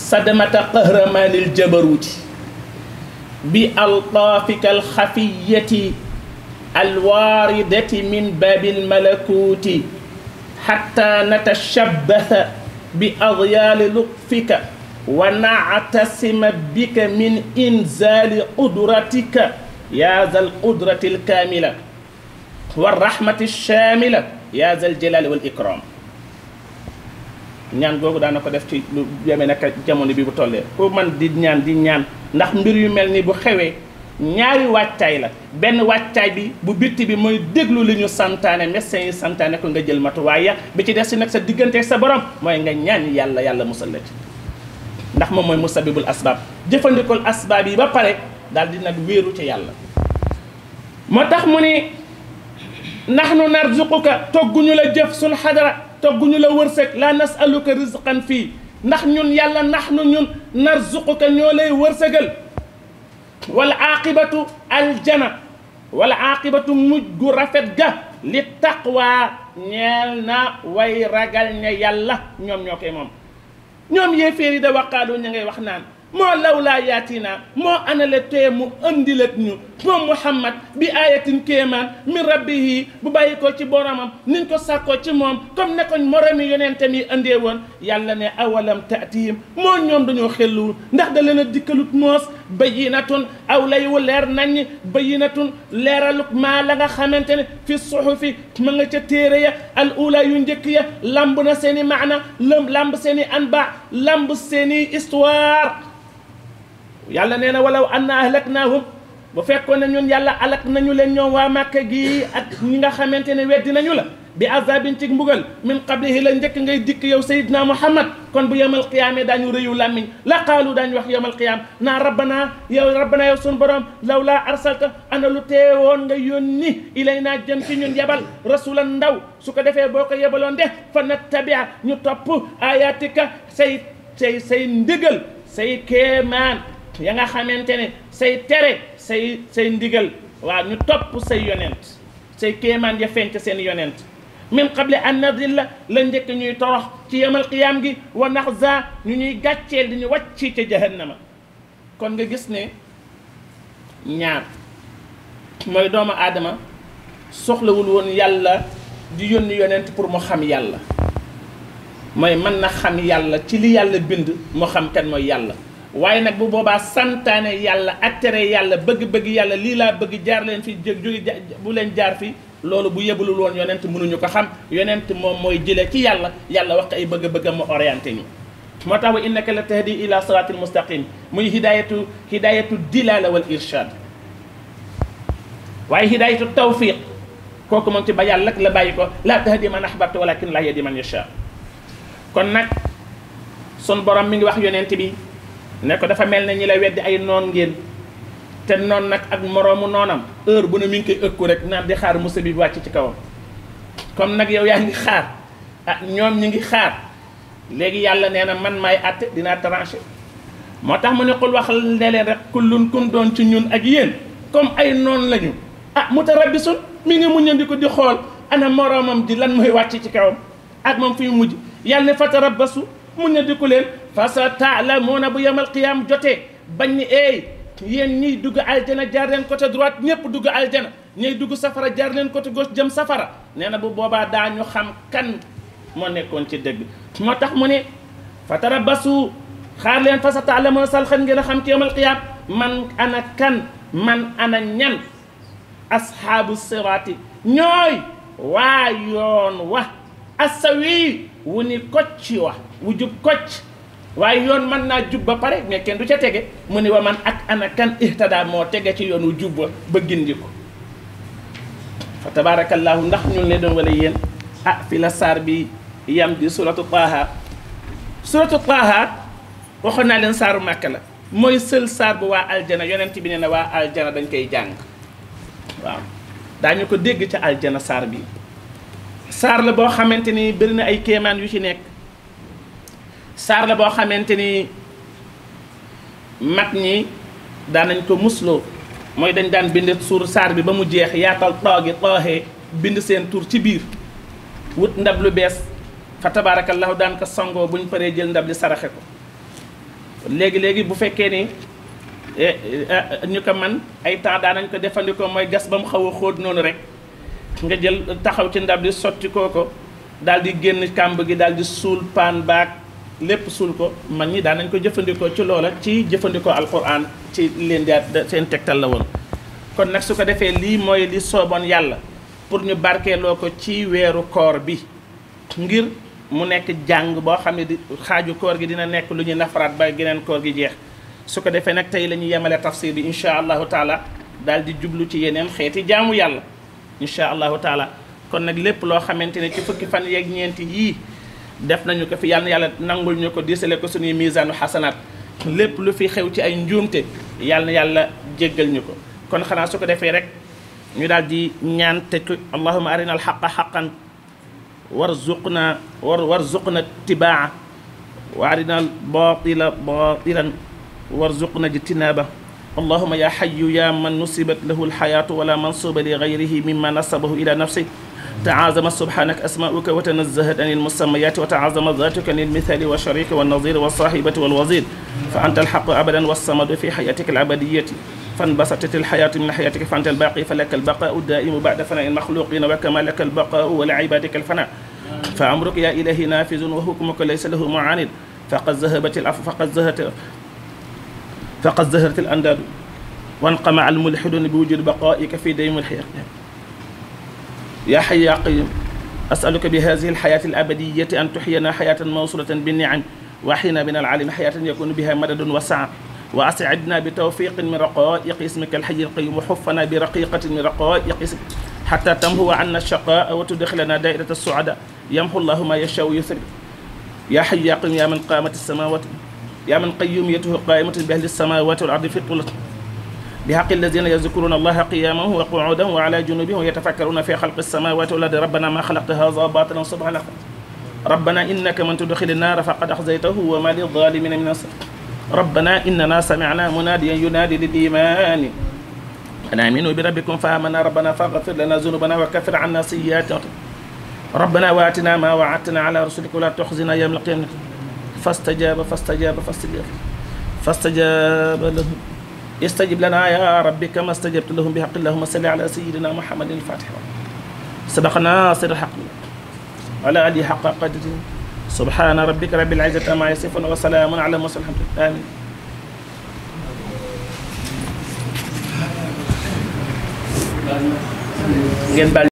sadmata qahramanil jabaruuti bi altaafika alxafiyati الواردة من باب الملكوت حتى نتشبث بأضيال لطفك ونعتسم بك من إنزال قدرتك يا ذا القدرة الكاملة والرحمة الشاملة يا ذا الجلال والإكرام ñaan googu daana ko def ci lu yeme naka jamono bi bu tollee ku man di ñaan di ñaan ndax mbir yu bu ñaari waajtaay la ben waajtaay bi bu bitti bi moy déglu liñu santane médecin yi santaane ko nga jël matuwaay ya bi ci dess nak sa digënté sa borom moy nga ñaan yàlla yàlla musal la ci ndax mom moy musabibul asbab jëfandikul asbab yi ba pare dal di nak wëru ci yàlla motax mu ni nahnu narzuquka togguñu la jëf suñ xadara togguñu la wërsek la nasaluka rizqan fi ndax ñun yàlla nahnu ñun narzuquka ñolay wërsëgal والعاقبة الجنة والعاقبة مجد رفت جه للتقوى نيالنا ويرقل نيالة نيوم نيوك إمام نيوم يفيري دا وقالو نيوكي وخنان مو لولا ياتينا مو أنا لتيمو أندلت نيو مو محمد بآية كيمان من ربه ببايكو تي بورامام ننكو ساكو تي موم كم نكون مرمي يونين تمي أنديوان يالنا أولم تأتيهم مو نيوم دنيو خلو نخدلنا ديكلوك موس bayinatun aw lay wu leer nañ bayyinatun leeraluk maa la nga xamante fi suxufi ma nga ca téere ya al ula yu njëkk ya lamb na seen i maana lamb seen anba lamb seen histoire yàlla nee walaw anna ahlaknaahum bu fekkoon ñun yàlla alak nañu leen ñoom waa màkka gi ak ñi nga xamante weddi nañu la bi azabin ci mbugal min qablihi la njëkk ngay dikk yow sayidna muhammad kon bu yawmal qiyaamee daañu rëyu làmmiñ la qaalu daañu wax yawmal qiyaam naa rabbana yow rabbana yow sun borom law laa arsalta ana lu teewoon nga yónni ilaynaa jëm ci ñun yebal rasulan ndaw su ko defee boo ko yebaloon de fa nattabia ñu topp ayatika say say say ndigal say kéemaan ya nga xamante ne say tere say say ndigal waaw ñu topp say yonent say kéemaan ya fenc seen yonent min qable an nadilla la njëkk ñuy torox ci yemal qiyaam gi wa naxza ñu ñuy gàcceel di ñu wàcc ca jahannama kon nga gis ne ñaar mooy doomu aadama soxlawul woon yàlla di yónni yonent pour mu xam yàlla mooy mën na xam yàlla ci li yàlla bind mu xam kan mooy yàlla waaye nag bu boobaa santaane yàlla attere yàlla bëgg-bëgg yàlla lii laa bëgg jaar leen fi jóge bu leen jaar fi loolu bu yebalul woon yonent mënuñu ko xam yonent moom mooy jëlee ci yàlla yàlla wax ko ay bëgg-bëgg mu orienté ñi moo tax wa innaka la tahdi ila siratil mustaqim muy hidayatu hidayatu dilala wal irshad waaye hidayatu tawfiq kooku moom ci ba yàlla la bàyyi ko la tahdi man ahbabta walakin la yahdi man yasha kon nag sun borom mi ngi wax yonent bi ne dafa mel ne ñi la weddi ay noon ngeen te noonu nag ak moroomu noonam heure bu ne mi ngi koy ëkku rek naan di xaar musiba bi wàcc ci kawam comme nag yow yaa ngi xaar a ah ñoom ñi ngi xaar léegi yàlla nee na man may àtte dinaa tranché moo tax mu ne xul waxal ne leen rek kullun kun doon ci ñun ak yéen comme ay noon lañu ah mutarabbisun mu ngi muññandiku di xool ana moroomam ji lan mooy wàcc ci kawam ak moom fi mu mujj yàlla ne fatarabbasu muññandiku leen fa sa taalamuuna bu yemal qiyaam jotee bañ ni yéen ñiy dugg aljana jaar leen côté droite ñëpp dugg aljana ñiy dugg safara jaar leen côté gauche jëm safara nee na bu boobaa daa ñu xam kan moo nekkoon ci dëgg moo tax mu ne fa tarabasu xaar leen fa sa taalamuna salxan ngeen a xam ci yawmal qiyaam man ana kan man ana ñan asxaabu siraati ñooy waa yoon wa asawi wu ni kocci wa wu jub waaye yoon mën naa jub ba pare mais kenn du ca tege mu ni wa man ak ana kan moo tege ci yoonu jub ba ba gindi ko fa tabaarakallaahu ndax ñun lay doon wala yéen ah fi la saar bi yam di suratu taaha suratu taaha waxoon naa leen saaru màkk la mooy sël saar bu waa aljana yonent bi ne na waa aljana dañ koy jàng waaw daañu ko dégg ca aljana saar bi saar la boo xamante ni bëri ay kéemaan yu ci nekk saar la boo xamante ni mag ñi daan nañ ko musloo mooy dañ daan bind suur saar bi ba mu jeex yaatal toogi tooxee bind seen tur ci biir wut ndab lu bees fa tabaarakallahu daan ko bu ñu paree jël ndab li saraxe ko léegi léegi bu fekkee ni eh, eh, eh, ñu ko man ay temps daanañ ko defandikoo mooy gas ba mu xaw a xóot noonu rek nga jël taxaw ci ndab li sotti koo ko daal di génn kàmb gi daal di suul paan baag lepp suul ko mag ñi daan nañ ko jëfëndiko ci loola ci jëfëndiko alquran ci leen di seen tektal la woon kon nak su ko defee lii mooy li sobon yalla pour ñu barké ko ci wéru koor bi ngir mu nekk jang bo xamni ne di koor gi dina nekk lu ñuy nafaraat ba geneen koor gi jeex su ko defee nag tey la tafsir bi inshallah taala dal di jublu ci yeneen xéeti jaamu yalla inshallah taala kon nak lepp lo xamanteni ci fukki fan ñenti yi def nañu ko fi yàlla yàlla nangul ñu ko diisale ko suñu mizanu hasanat lépp lu fi xew ci ay njumte yàlla yàlla jéggal ñu ko kon xana suko défé rek ñu daal di ñaan tëj ko allahuma arina alxaqa haqqan warzuqna war warzuqna tibaa wa arina batila batilan warzuqna jitnaba اللهم يا حي يا من نصبت له الحياة ولا منصوب لغيره مما نصبه إلى نفسه تعاظم سبحانك أسماؤك وتنزهت عن المسميات وتعاظم ذاتك للمثال والشريك والنظير والصاحبة والوزير فأنت الحق أبدا والصمد في حياتك العبدية فانبسطت الحياة من حياتك فأنت الباقي فلك البقاء الدائم بعد فناء المخلوقين وكما لك البقاء ولعبادك الفناء فأمرك يا إلهي نافذ وحكمك ليس له معاند فقد ذهبت الأف فقد ذهبت فقد زهرت الأنداد وانقمع الملحدون بوجود بقائك في ديم الحياة يا حي يا قيوم أسألك بهذه الحياة الأبدية أن تحيينا حياة موصولة بالنعم وأحينا من العالم حياة يكون بها مدد وسعة وأسعدنا بتوفيق من رقائق اسمك الحي القيوم وحفنا برقيقة من رقائق اسمك حتى تمهو عنا الشقاء وتدخلنا دائرة السعداء يمحو الله ما يشاء ويثرب يا حي يا قيوم يا من قامت السماوات يا من قيوميته قائمة بأهل السماوات والأرض في طولته بحق الذين يذكرون الله قياما وقعودا وعلى جنوبهم ويتفكرون في خلق السماوات والارض ربنا ما خلقت هذا باطلا سبحانك ربنا انك من تدخل النار فقد اخزيته وما للظالمين من نصر ربنا اننا سمعنا مناديا ينادي للايمان أنا آمين بربكم فامنا ربنا فاغفر لنا ذنوبنا وكفر عنا سيئاتنا ربنا واتنا ما وعدتنا على رسلك ولا تخزنا يوم القيامه فاستجاب فاستجاب فاستجاب فاستجاب, فاستجاب لهم يستجب لنا يا رب كما استجبت لهم بحق اللهم صل على سيدنا محمد الفاتح سبق ناصر الحق على علي حق قدره سبحان ربك رب العزة ما يصفون وسلام على المرسلين الحمد لله آمين